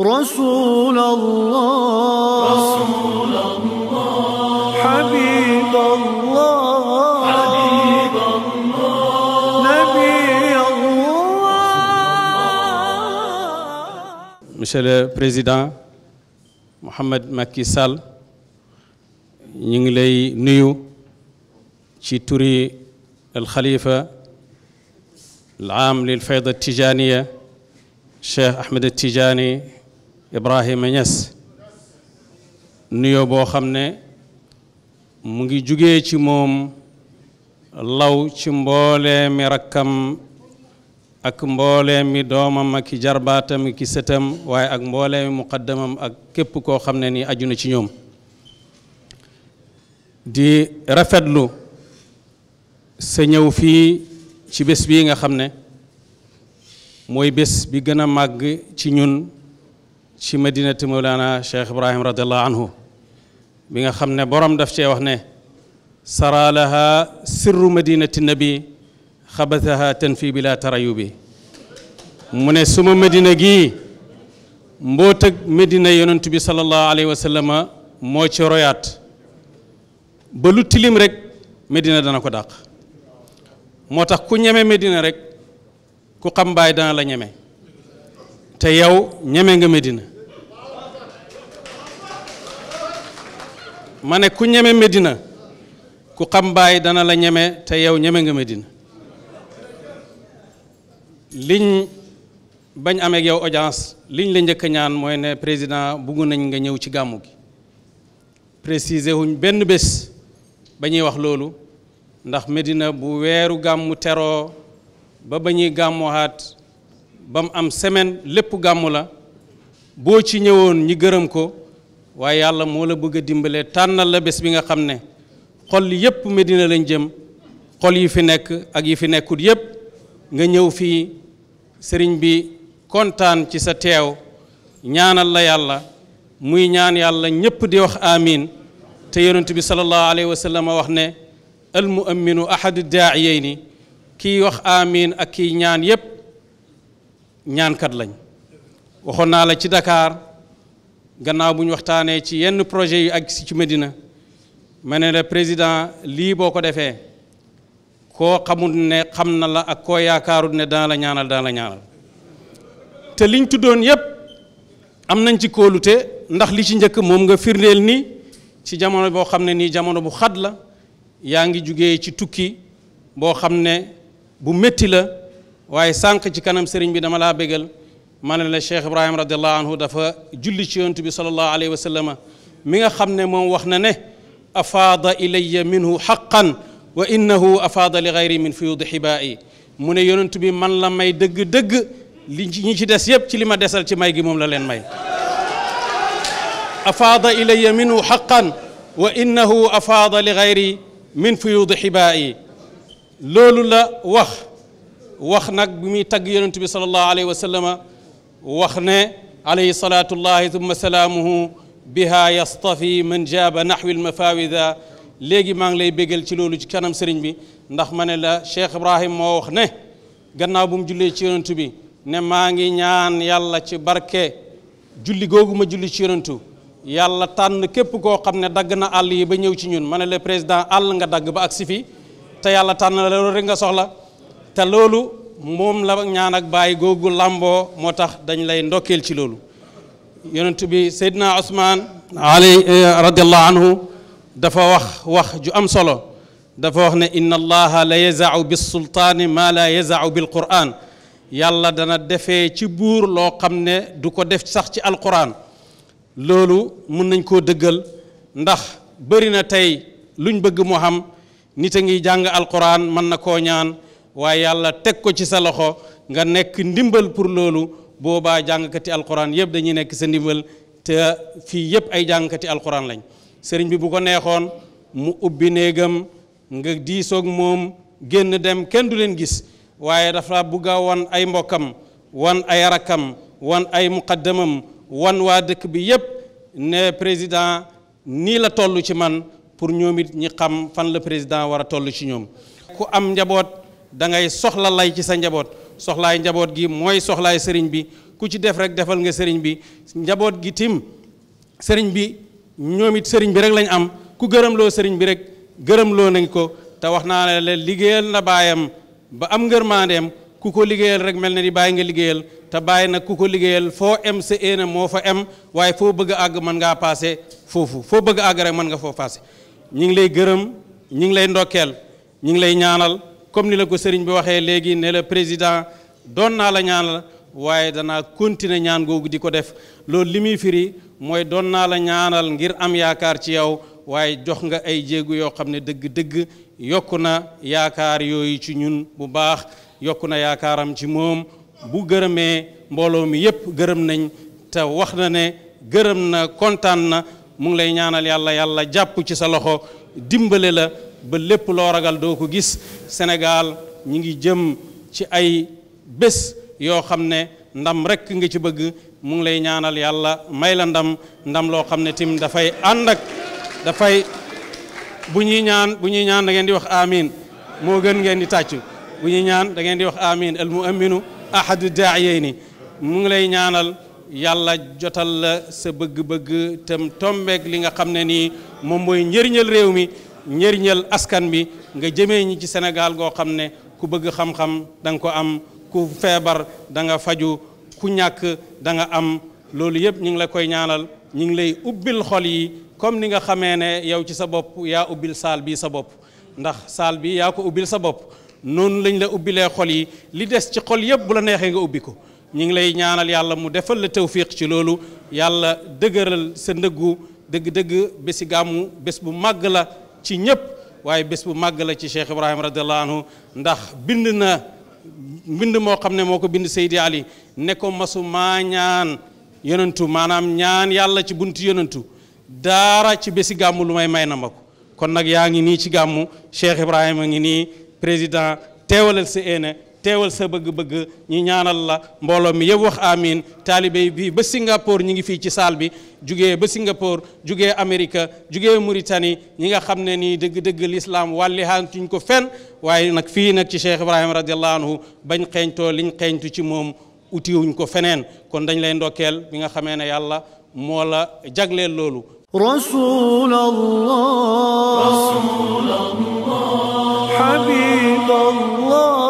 رسول الله رسول الله حبيب الله حبيب الله نبي الله Monsieur le Président Mohamed Macky Sall ñu ngi lay nuyu ci turi al khalifa al aam lil fayda tijaniya Cheikh Ahmed Tijani Ibrahima Niass nuyo boo xam ne mu ngi jugee ci moom law ci mboolee mi rakkam ak mboolee mi doomam ak jarbaatam ki sëtam waaye ak mboole mi muqaddamam ak képp koo xam ne ni aju na ci ñoom di rafetlu sa ñëw fii ci bés bii nga xam ne mooy bés bi gën a màgg ci ñun ci madinati mawlana cheikh ibrahim radiallahu anhu bi nga xam ne borom daf cee wax ne sara laha sirru madinati nabi xabasaha tanfi bi laa tarayu bi mu ne suma madina gii mbootëg madina yonent bi salallahu alayhi wa sallama moo ci royaat ba lu tilim rek madina dana ko dàq moo tax ku ñeme medina rek ku xam baay dana la ñeme te yow ñeme nga medina ma ne ku ñeme Medina ku xam Baay dana la ñeme te yow ñeme nga Medina liñ bañ ameeg yow audience liñ la njëkk ñaan mooy ne président bugg nañ nga ñëw ci gàmmu gi préciser wuñ benn bés ba ñuy wax loolu ndax Medina bu weeru gàmmu teroo ba ba ñuy gàmmuwaat ba mu am semaine lépp gàmmu la boo ci ñëwoon ñi gërëm ko waaye yàlla moo la bëgg a dimbalee tànnal la bés bi nga xam ne xol yépp Medina lañ jëm xol yi fi nekk ak yi fi nekkut yépp nga ñëw fii sëriñ bi kontaan ci sa teew ñaanal la yàlla muy ñaan yàlla ñépp di wax amiin te yonent bi sallallahu alayhi wa sallam wax ne al mu'minu ahadu daa'iyayni kiy wax amiin ak kiy ñaan yépp ñaankat lañ waxoon la ci Dakar gannaaw bu ñu waxtaanee ci yenn projet yu ak ci Medina ma ne la président lii boo ko defee koo xamul ne xam na la ak ko yaakaarul ne dana la ñaanal dana la ñaanal te liñ tuddoon yépp am nañ ci kóolute ndax li ci njëkk moom nga firndeel nii ci jamono boo xam ne nii jamono bu xat la yaa ngi jugee ci tukki boo xam ne bu métti la waaye sànq ci kanam sëriñ bi dama laa bégal ma ne la Cheikh Ibrahima radiallahu anhu dafa julli ci yontu bi salallahu alayhi wa sallama mi nga xam ne moom wax na ne afaada ilayya minhu xaqan wa innahu afaada li gayri min fiyuudi xibaa'i mu ne yonent bi man la may dëgg-dëgg li ñi ci des yépp ci li ma desal ci may gi moom la leen may afaada ilayya minhu xaqan wa innahu afaada li gayri min fiyuudi xibaa'i loolu la wax wax nag bi muy tagg yonent bi salallahu alayhi wa sallama wax ne alayhi salaatu llahi tumma salaamuhu biha yastafi man jaaba naxwi almafawida léegi maa ngi lay bégal ci loolu ci kanam sëriñ bi ndax ma ne la cheikh ibrahim moo wax ne gannaaw bu mu jullee ci yonantu bi ne maa ngi ñaan yàlla ci barke julli googu ma julli ci yonantu yàlla tànn képp koo xam ne dagg na àll yi ba ñëw ci ñun ma ne la président àll nga dagg ba ak si fi te yàlla tànn la loolu rek nga soxla te loolu moom la ñaan ak bàyyi googu làmboo moo tax dañ lay ndokkeel ci loolu yonent bi Seydina Ousmane ali radiallahu anhu dafa wax wax ju am solo dafa wax ne inna allaha la yazau bilsultaani ma la yazau bilquran yàlla dana defé ci buur loo xam ne du ko def sax ci alquran loolu mun nañ koo dëggal ndax bëri na tey luñ bëgg mu xam nit jàng alquran mën na koo ñaan waaye yàlla teg ko ci sa loxo nga nekk ndimbal pour loolu boobaa jàngkati alquran yëpp dañuy nekk sa ndimbal te fii yëpp ay jàngkati alxuraan lañ sëriñ bi bu ko neexoon mu ubbi néegam nga diisoog moom génn dem kenn du leen gis waaye dafa bugg a wan ay mbokkam wan ay rakkam wan ay muqaddamam wan waa dëkk bi yëpp ne président nii la toll ci man pour ñoom it ñi xam fan la président war a toll ci ñoom ku am njaboot da ngay soxla lay ci sa njaboot soxlaay njaboot gi mooy soxlaay sëriñ bi ku ci def rek defal nga sëriñ bi njaboot gi tim sëriñ bi ñoom it sëriñ bi rek lañ am ku gërëm loo sëriñ bi rek gërëmloo nañ ko te wax naa ne liggéeyal na baayam ba am ngërmaandeem ku ko liggéeyal rek mel na ni bàyyi nga liggéeyal te bàyyi nag ku ko liggéeyal foo em sa éena moo fa em waaye foo bëgg àgg mën ngaa paase foofu foo bëgg a àgg rek mën nga foo paase. ñu ngi lay gërëm ñu ngi lay ndokkeel ñu ngi lay ñaanal. comme ni la ko sëriñ bi waxee léegi ne la président doon naa la ñaan la waaye danaa continuer ñaan googu di ko def loolu li muy firi mooy doon naa la ñaanal ngir am yaakaar ci yow waaye jox nga ay jéegu yoo xam ne dëgg-dëgg yokk na yaakaar yooyu ci ñun bu baax yokk na yaakaaram ci moom bu gërëmee mbooloo mi yépp gërëm nañ te wax na ne gërëm na kontaan na mu ngi lay ñaanal yàlla yàlla jàpp ci sa loxo dimbale la ba lépp loo ragal doo ko gis senegal ñi ngi jëm ci ay bés yoo xam ne ndam rekk nga ci bëgg mu ngi lay ñaanal yàlla may la ndam ndam loo xam ne tim dafay ànd ak dafay bu ñuy ñaan bu ñuy ñaan da ngeen di wax amin moo gën ngeen di tàcc bu ñuy ñaan dangeen di wax amin al aminu ahadu daayeyni ni ngi lay ñaanal yàlla jotal la sa bëgg-bëgg tam tombeek li nga xam ne nii moom mooy njëriñal réew mi njëriñal askan bi nga jëmee ñi ci senegal goo xam ne ku bëgg xam-xam da ko am ku feebar danga faju ku ñàkk danga am loolu yëpp ñu ngi la koy ñaanal ñu ngi lay ubbil xol yi comme ni nga xamee ne yow ci sa bopp yaa ubbil saal bii sa bopp ndax saal bi yaa ko ubbil sa bopp noonu lañ la ubbilee xol yi li des ci xol yëpp bu la neexee nga ubbi ko ñi ngi lay ñaanal yàlla mu defal la tawfiq ci loolu yàlla dëgëral sa ndëggu dëgg-dëgg bési gàmmu bés bu màgg la ci ñépp waaye bés bu màgg la ci Cheikh Ibrahima radiallahu anhu ndax bind na mbind moo xam ne moo ko bind Seydi Ali ne ko masu maa ñaan yonentu maanaam ñaan yàlla ci buntu yonentu daara ci bés gàmmu lu may may na ma kon nag yaa ngi nii ci gàmmu Cheikh Ibrahima ngi nii président teewalal sa eene teewal sa bëgg-bëgg ñu ñaanal la mbooloo mi yëpp wax amiin taalibe yi bii ba Singapour ñi ngi fii ci saal bi jugee ba Singapour jugee Amérique jugee Mauritanie ñi nga xam ne nii dëgg-dëgg lislaam wàllihaantuñ ko fen waaye nag fii nag ci Cheikh Ibrahima radiallahu anhu bañ xeeñtoo liñ xeeñtu ci moom utiwuñ ko feneen kon dañ lay ndokkeel bi nga xamee ne yàlla moola la jagleel loolu rasulallah